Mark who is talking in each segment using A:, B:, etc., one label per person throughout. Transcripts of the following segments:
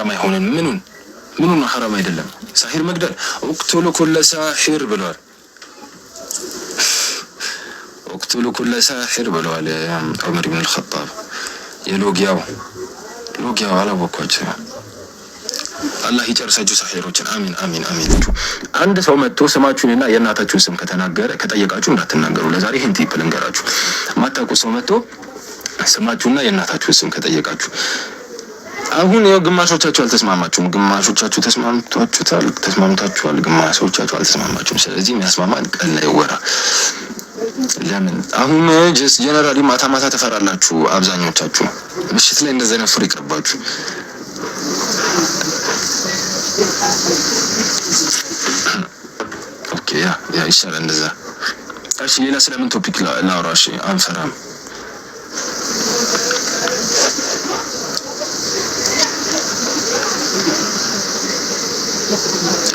A: ሐራም አይሆንም። ምኑን ምኑን ሐራም አይደለም? ሳሂር መግደል ኦቅቱሉ ኩለ ሳሂር ብለዋል። ኦቅቱሉ ኩለ ሳሂር ብለዋል ዑመር ብን አልኸጣብ። የሎጊያው ሎጊያው አላወኳቸው። አላህ ይጨርሳችሁ ሳሂሮችን። አሚን አሚን አሚን። አንድ ሰው መጥቶ ስማችሁንና የእናታችሁን ስም ከተናገረ ከጠየቃችሁ እንዳትናገሩ። ለዛሬ ይህን ቲፕ ልንገራችሁ። ማታውቁ ሰው መጥቶ ስማችሁና የእናታችሁን ስም ከጠየቃችሁ አሁን ያው ግማሾቻችሁ አልተስማማችሁም፣ ግማሾቻችሁ ተስማምቷችሁታል ተስማምታችኋል፣ ግማሾቻችሁ አልተስማማችሁም። ስለዚህ የሚያስማማን ቀን ላይ ወራ ለምን አሁን ጀስ ጀነራሊ ማታ ማታ ትፈራላችሁ አብዛኞቻችሁ። ምሽት ላይ እንደዚህ አይነት ፍር ኦኬ ያ ያ ይሻላል እንደዛ። እሺ ሌላ ስለምን ቶፒክ ላውራሽ አንፈራም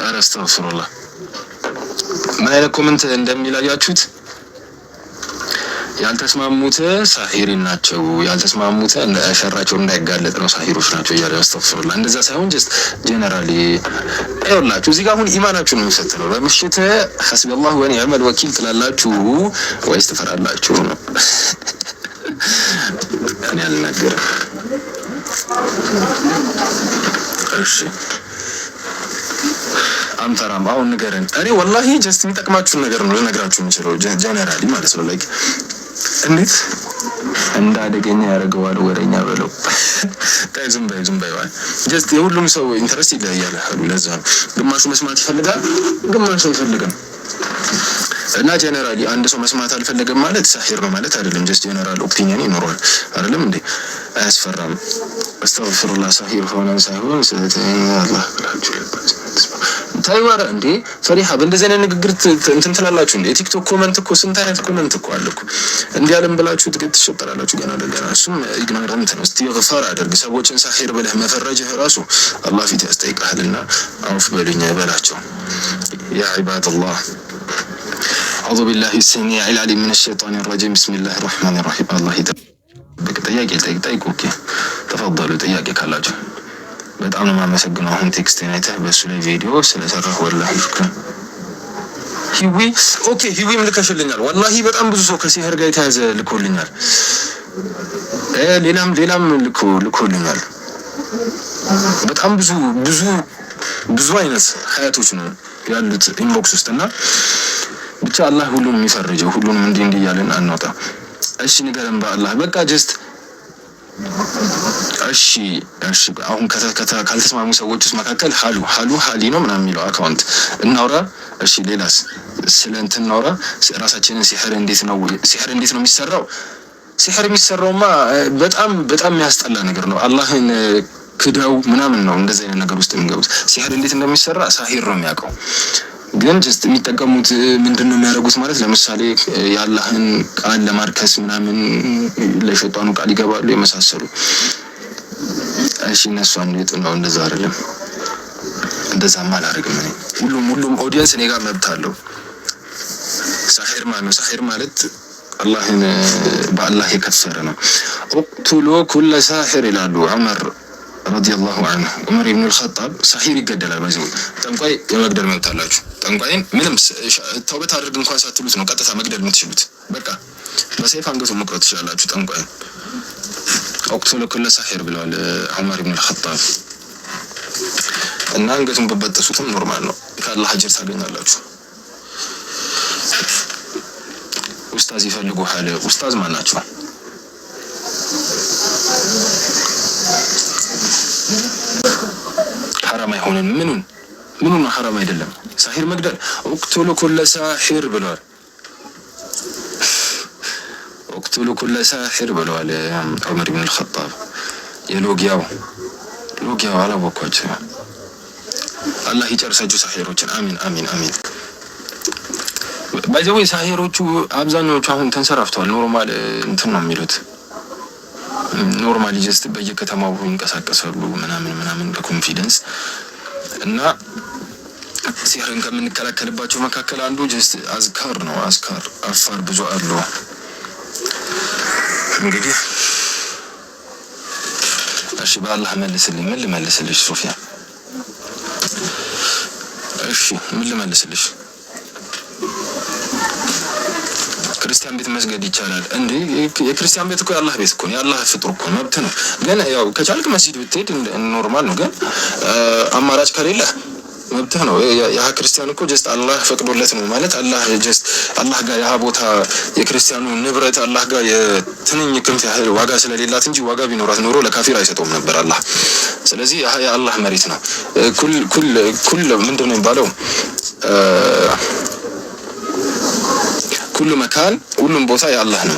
A: ኧረ አስተግፍሩላህ ምን አይነት ኮመንት እንደሚላያችሁት ያልተስማሙት ሳሂሪን ናቸው፣ ያልተስማሙት ሸራቸው እንዳይጋለጥ ነው፣ ሳሂሮች ናቸው እያለ ያስተፍሩላ። እንደዛ ሳይሆን ጀስት ጀነራሊ ይውላችሁ። እዚህ ጋር አሁን ኢማናችሁ ነው የሚፈትነው። በምሽት ሐስቢ አላህ ወኒዕመል ወኪል ትላላችሁ ወይስ ትፈራላችሁ ነው? እኔ አልናገርም። እሺ አንፈራም። አሁን ንገረን። እኔ ወላሂ ጀስት የሚጠቅማችሁን ነገር ነው ልነግራችሁ የምችለው ጀነራሊ ማለት ነው። ላይክ እንዴት እንደ አደገኛ ያደርገዋል ወደኛ በለው ዝም በይ ዝም በይ። ጀስት የሁሉም ሰው ኢንትረስት ይለያያል። ለዛ ነው ግማሹ መስማት ይፈልጋል፣ ግማሹ አይፈልግም። እና ጀነራሊ አንድ ሰው መስማት አልፈለገም ማለት ሳሂር ነው ማለት አይደለም። ጀስት ጀነራል ኦፒኒየን ይኖረዋል አይደለም እንዴ? አያስፈራም። አስተፍሩላ ሳሂር ሆነን ሳይሆን ስለ አላ ብላችሁ ተይዋረ እንዴ ፈሪሃ በእንደዚህ አይነት ንግግር እንትን ትላላችሁ እንዴ? የቲክቶክ ኮመንት እኮ ስንት አይነት ኮመንት እኮ አለ እኮ እንዲህ አለም ብላችሁ ጥቂት ትሸጠላላችሁ። ገና ለገና እሱም ኢግኖራንት ነው። እስቲ ፈር አድርግ። ሰዎችን ሳሄር ብለህ መፈረጅህ ራሱ አላህ ፊት ያስጠይቅሃልና አውፍ በሉኝ በላቸው። ያ ዒባደላህ አዑዙ ቢላሂ ሰሚዕ ልዓሊም ሚነ ሸይጣን ረጂም ብስሚላህ ራሕማን ራሒም። አላህ ይጠብቅ። ጥያቄ ጠይቅ። ኦኬ ተፈضሉ ጥያቄ ካላችሁ በጣም ነው የማመሰግነው። አሁን ቴክስት አይተህ በእሱ ላይ ቪዲዮ ስለሰራህ ወላሂ ፍቅር ሂዊ ኦኬ፣ ሂዊም ልከሽልኛል። ወላሂ በጣም ብዙ ሰው ከሲህር ጋር የተያዘ ልኮልኛል። ሌላም ሌላም ልኮ ልኮልኛል። በጣም ብዙ ብዙ ብዙ አይነት ሀያቶች ነው ያሉት ኢንቦክስ ውስጥ እና ብቻ አላህ ሁሉንም የሚፈርጀው ሁሉንም እንዲህ እንዲህ እያለን አናውጣ። እሺ ንገረን በአላህ በቃ ጀስት እሺ እሺ። አሁን ካልተስማሙ ሰዎች ውስጥ መካከል ሀሉ ሀሉ ሀሊ ነው ምናምን የሚለው አካውንት እናውራ። እሺ፣ ሌላስ ስለ እንትን እናውራ። ራሳችንን ሲሕር እንዴት ነው ሲሕር እንዴት ነው የሚሰራው? ሲሕር የሚሰራውማ በጣም በጣም የሚያስጠላ ነገር ነው። አላህን ክደው ምናምን ነው እንደዚህ አይነት ነገር ውስጥ የሚገቡት። ሲሕር እንዴት እንደሚሰራ ሳሂር ነው የሚያውቀው። ግን ጀስት የሚጠቀሙት ምንድን ነው የሚያደርጉት ማለት ለምሳሌ የአላህን ቃል ለማርከስ ምናምን ለሸጧኑ ቃል ይገባሉ የመሳሰሉ። እሺ እነሱ አንዱ ነው እንደዛ አይደለም። እንደዛም አላደርግም እኔ። ሁሉም ሁሉም ኦዲየንስ እኔ ጋር መብት አለው። ሳሄር ማ ነው። ሳሄር ማለት አላህን በአላህ የከሰረ ነው። ኦቅቱሎ ኩለ ሳሄር ይላሉ ዑመር ረዲየላሁ አን ዑመር ብን ልኸጣብ ሰሒር ይገደላል። ባይዘ ጠንቋይ የመግደል መብት አላችሁ። ጠንቋይን ምንም ተውበት አድርግ እንኳን ሳትሉት ነው ቀጥታ መግደል የምትችሉት። በቃ በሰይፍ አንገቱን መቁረጥ ትችላላችሁ። ጠንቋይን ኦቅቱሉ ኩለ ሰሒር ብለዋል ዑመር ብን ልኸጣብ እና አንገቱን በበጠሱትም ኖርማል ነው። ከአላህ አጀር ታገኛላችሁ። ኡስታዝ ይፈልጉሃል። ኡስታዝ ማን ናቸው? ሐራም አይሆንም። ምኑን ምኑን ሐራም አይደለም? ሳሒር መግደል ኡቅቱሉ ኩለ ሳሒር ብለዋል። ኡቅቱሉ ኩለ ሳሒር ብለዋል ዑመር ብን አልኸጣብ። የሎጊያው ሎጊያው አላወኳቸው። አላህ ይጨርሳችሁ ሳሒሮችን። አሚን አሚን አሚን። ባይዘዌ ሳሒሮቹ አብዛኛዎቹ አሁን ተንሰራፍተዋል። ኖርማል እንትን ነው የሚሉት ኖርማሊ ጀስት በየከተማው ይንቀሳቀሳሉ ምናምን ምናምን በኮንፊደንስ እና ሲህርን ከምንከላከልባቸው መካከል አንዱ ጀስት አዝካር ነው። አዝካር አፋር ብዙ አሉ። እንግዲህ እሺ፣ በአላህ መልስልኝ። ምን ልመልስልሽ ሶፊያ? እሺ፣ ምን ልመልስልሽ? ክርስቲያን ቤት መስገድ ይቻላል። እንዲ የክርስቲያን ቤት እኮ የአላህ ቤት እኮ የአላህ ፍጡር እኮ መብት ነው። ግን ያው ከቻልክ መስጂድ ብትሄድ ኖርማል ነው። ግን አማራጭ ከሌለ መብትህ ነው። ያ ክርስቲያን እኮ ጀስት አላህ ፈቅዶለት ነው ማለት አላህ ጀስት አላህ ጋር ያህ ቦታ የክርስቲያኑ ንብረት አላህ ጋር የትንኝ ክንፍ ያህል ዋጋ ስለሌላት እንጂ ዋጋ ቢኖራት ኖሮ ለካፊር አይሰጠውም ነበር አላህ። ስለዚህ የአላህ መሬት ነው። ኩል ኩል ኩል ምንድን ነው የሚባለው? ሁሉ መካን ሁሉም ቦታ የአላህ ነው።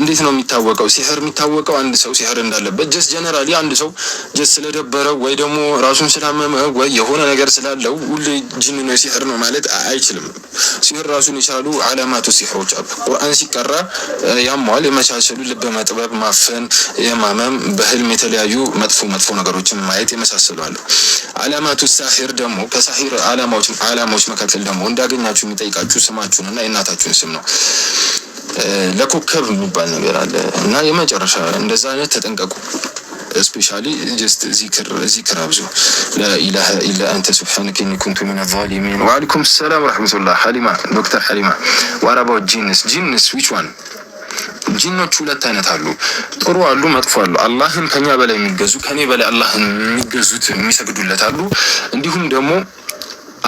A: እንዴት ነው የሚታወቀው? ሲህር የሚታወቀው አንድ ሰው ሲህር እንዳለበት ጀስ ጀነራሊ አንድ ሰው ጀስ ስለደበረው ወይ ደግሞ ራሱን ስላመመ ወይ የሆነ ነገር ስላለው ሁሉ ጅን ነው ሲህር ነው ማለት አይችልም። ሲህር ራሱን የቻሉ አላማቱ ሲህሮች አሉ። ቁርአን ሲቀራ ያሟል የመሳሰሉ ልብ መጥበብ፣ ማፈን፣ የማመም፣ በህልም የተለያዩ መጥፎ መጥፎ ነገሮችን ማየት የመሳሰሉ አሉ። አላማቱ ሳሂር ደግሞ ከሳሂር አላማዎች መካከል ደግሞ እንዳገኛችሁ የሚጠይቃችሁ ስማችሁን እና የእናታችሁን ስም ነው። ለኮከብ የሚባል ነገር አለ እና የመጨረሻ እንደዛ አይነት ተጠንቀቁ። ስፔሻሊ ጀስት ዚክር አብዙ ላኢላሃ ኢላ አንተ ሱብሓነከ ኢኒ ኩንቱ ሚነ ዛሊሚን። ወአለይኩም ሰላም ወረሕመቱላህ። ሀሊማ ዶክተር ሀሊማ ዋራባው ጂንስ ጂንስ ዊች ዋን ጂኖች ሁለት አይነት አሉ፣ ጥሩ አሉ፣ መጥፎ አሉ። አላህን ከኛ በላይ የሚገዙ ከኔ በላይ አላህን የሚገዙት የሚሰግዱለት አሉ። እንዲሁም ደግሞ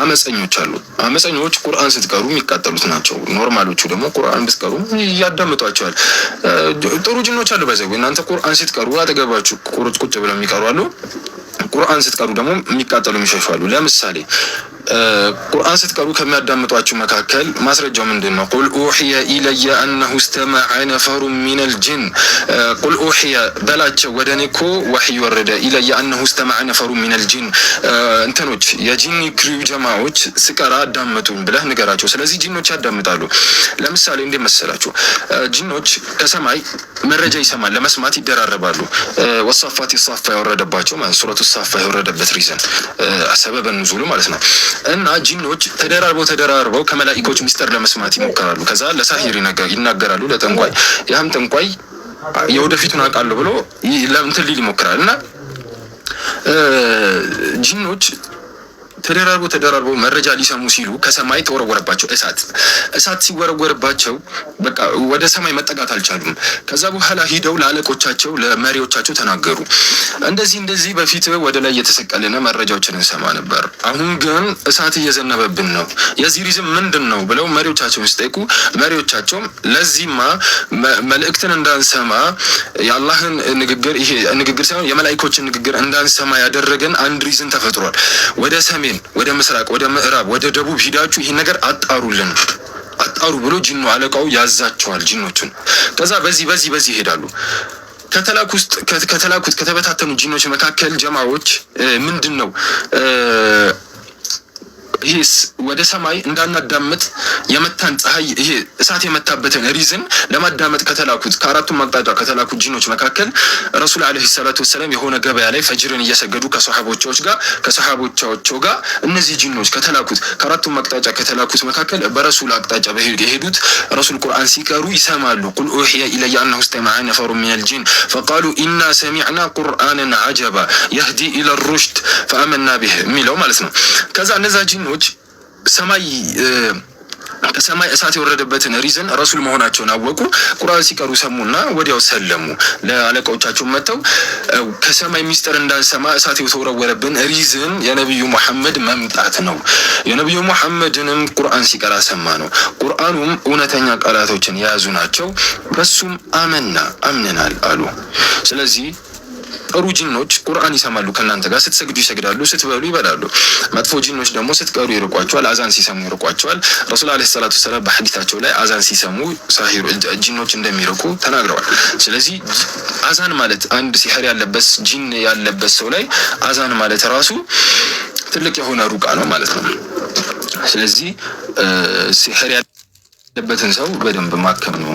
A: አመፀኞች አሉ። አመፀኞች ቁርአን ስትቀሩ የሚቃጠሉት ናቸው። ኖርማሎቹ ደግሞ ቁርአን ብትቀሩ እያዳምጧቸዋል። ጥሩ ጅኖች አሉ። በዚ እናንተ ቁርአን ስትቀሩ አጠገባችሁ ቁርጥ ቁጭ ብለው የሚቀሩ አሉ። ቁርአን ስትቀሩ ደግሞ የሚቃጠሉ የሚሸሹ አሉ። ለምሳሌ ቁርአን ስትቀሩ ከሚያዳምጧችሁ መካከል ማስረጃው ምንድን ነው? ቁል ኡሕየ ኢለየ አነሁ ስተመዐ ነፈሩ ሚነል ልጅን ቁል ኡሕየ በላቸው ወደ እኔ እኮ ወሕይ ወረደ። ኢለየ አነሁ ስተመዐ ነፈሩ ሚነል ልጅን እንትኖች የጂን ክሪው ጀማዎች ስቀራ አዳመጡኝ ብለህ ንገራቸው። ስለዚህ ጂኖች ያዳምጣሉ። ለምሳሌ እንዴ መሰላችሁ? ጂኖች ከሰማይ መረጃ ይሰማል፣ ለመስማት ይደራረባሉ። ወሳፋት ሳፋ ያወረደባቸው ማለት ሱረቱ ሳፋ የወረደበት ሪዘን ሰበበ ኑዙሉ ማለት ነው። እና ጂኖች ተደራርበው ተደራርበው ከመላኢኮች ሚስጥር ለመስማት ይሞከራሉ። ከዛ ለሳሂር ይናገራሉ፣ ለጠንቋይ ያም ጠንቋይ የወደፊቱን አውቃለሁ ብሎ ለምትል ሊል ይሞክራል እና ጂኖች ተደራርቦ ተደራርቦ መረጃ ሊሰሙ ሲሉ ከሰማይ ተወረወረባቸው እሳት። እሳት ሲወረወርባቸው በቃ ወደ ሰማይ መጠጋት አልቻሉም። ከዛ በኋላ ሂደው ለአለቆቻቸው ለመሪዎቻቸው ተናገሩ። እንደዚህ እንደዚህ በፊት ወደ ላይ እየተሰቀልን መረጃዎችን እንሰማ ነበር። አሁን ግን እሳት እየዘነበብን ነው። የዚህ ሪዝም ምንድን ነው ብለው መሪዎቻቸውን ሲጠይቁ መሪዎቻቸውም ለዚህማ መልእክትን እንዳንሰማ የአላህን ንግግር ይሄ ንግግር ሳይሆን የመላይኮችን ንግግር እንዳንሰማ ያደረገን አንድ ሪዝን ተፈጥሯል ወደ ሰሜ ሰሜን፣ ወደ ምስራቅ፣ ወደ ምዕራብ፣ ወደ ደቡብ ሂዳችሁ ይህን ነገር አጣሩልን አጣሩ ብሎ ጅኑ አለቃው ያዛቸዋል። ጅኖቹን ከዛ በዚህ በዚህ በዚህ ይሄዳሉ። ከተላኩ ውስጥ ከተላኩት ከተበታተኑ ጅኖች መካከል ጀማዎች ምንድን ነው ይሄ ወደ ሰማይ እንዳናዳምጥ የመታን ፀሐይ ይሄ እሳት የመታበትን ሪዝን ለማዳመጥ ከተላኩት ከአራቱም አቅጣጫ ከተላኩት ጂኖች መካከል ረሱል አለህ ሰላቱ ወሰላም የሆነ ገበያ ላይ ፈጅርን እየሰገዱ ከሰሓቦቻዎች ጋር ከሰሓቦቻቸው ጋር እነዚህ ጂኖች ከተላኩት ከአራቱም አቅጣጫ ከተላኩት መካከል በረሱል አቅጣጫ የሄዱት ረሱል ቁርአን ሲቀሩ ይሰማሉ። ቁል ኡሕየ ኢለየ አነሁ ስተመዐ ነፈሩ ሚነል ልጂን ፈቃሉ ኢና ሰሚዕና ቁርአንን ዐጀባ የህዲ ኢለ ሩሽድ ፈአመና ብህ የሚለው ማለት ነው። ከዛ እነዛ ጂን ሰዎች ሰማይ ከሰማይ እሳት የወረደበትን ሪዝን ረሱል መሆናቸውን አወቁ። ቁርአን ሲቀሩ ሰሙና ወዲያው ሰለሙ። ለአለቃዎቻቸው መጥተው ከሰማይ ሚስጥር እንዳንሰማ እሳት የተወረወረብን ሪዝን የነቢዩ መሐመድ መምጣት ነው። የነቢዩ መሐመድንም ቁርአን ሲቀራ ሰማ ነው። ቁርአኑም እውነተኛ ቃላቶችን የያዙ ናቸው። በሱም አመና አምነናል አሉ። ስለዚህ ጥሩ ጂኖች ቁርአን ይሰማሉ ከእናንተ ጋር ስትሰግዱ ይሰግዳሉ፣ ስትበሉ ይበላሉ። መጥፎ ጂኖች ደግሞ ስትቀሩ ይርቋቸዋል፣ አዛን ሲሰሙ ይርቋቸዋል። ረሱል ዓለይሂ ሰላቱ ወሰላም በሐዲታቸው ላይ አዛን ሲሰሙ ሳሂሩ ጂኖች እንደሚርቁ ተናግረዋል። ስለዚህ አዛን ማለት አንድ ሲህር ያለበት ጂን ያለበት ሰው ላይ አዛን ማለት ራሱ ትልቅ የሆነ ሩቃ ነው ማለት ነው። ስለዚህ ሲህር ያለበትን ሰው በደንብ ማከም ነው።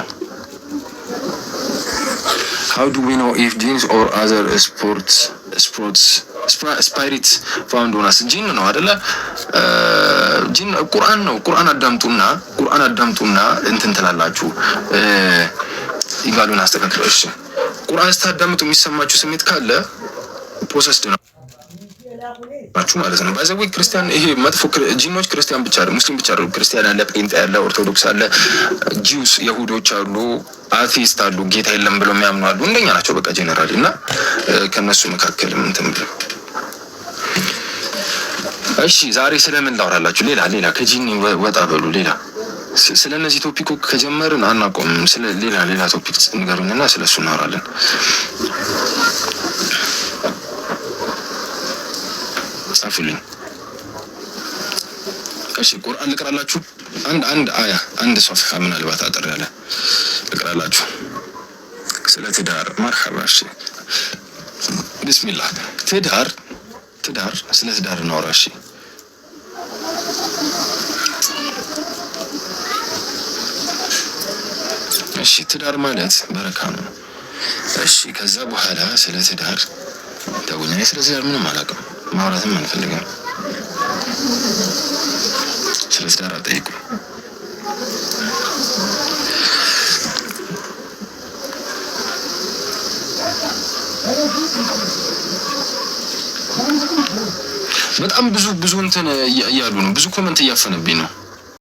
A: ሃው ዱ ዊ ኖው ኢፍ ጂንስ ኦር አዘር ስፖርትስ ስፖርትስ ስፓይሪትስ ፋውንድ ሆናስ ጂን ነው አደለ? ጂን ቁርአን ነው። ቁርአን አዳምጡና ቁርአን አዳምጡና እንትን ትላላችሁ። ኢባሉን አስተካክለው። እሺ ቁርአን ስታዳምጡ የሚሰማችሁ ስሜት ካለ ፖሰስድ ነው። ናችሁ ማለት ነው። ባይዘ ወይ ክርስቲያን ይሄ መጥፎ ጂኖች ክርስቲያን ብቻ አይደለም፣ ሙስሊም ብቻ አይደለም። ክርስቲያን አለ፣ ጴንጤ አለ፣ ኦርቶዶክስ አለ፣ ጂውስ የሁዶች አሉ፣ አቲስት አሉ፣ ጌታ የለም ብለው የሚያምኑ አሉ። እንደኛ ናቸው በቃ ጀነራል እና ከእነሱ መካከል እንትን ብለው እሺ ዛሬ ስለምን ላውራላችሁ? ሌላ ሌላ ከጂኒ ወጣ በሉ። ሌላ ስለ እነዚህ ቶፒኮ ከጀመርን አናቆምም። ስለ ሌላ ሌላ ቶፒክ ንገሩኝና ስለ እሱ እናወራለን። ጻፉልኝ። እሺ ቁርአን ልቅራላችሁ። አንድ አንድ አያ አንድ ሶፍሃ ምናልባት አጠር ያለ ልቅራላችሁ። ስለ ትዳር መርሐባ። እሺ ቢስሚላህ። ትዳር ትዳር፣ ስለ ትዳር እናውራ። እሺ እሺ ትዳር ማለት በረካ ነው። እሺ ከዛ በኋላ ስለ ትዳር ደውልና ስለ ትዳር ምንም አላውቅም ማውራትም አንፈልግም። ስለ ትዳር አልጠየቁም። በጣም ብዙ ብዙ እንትን እያሉ ነው። ብዙ ኮመንት እያፈነብኝ ነው።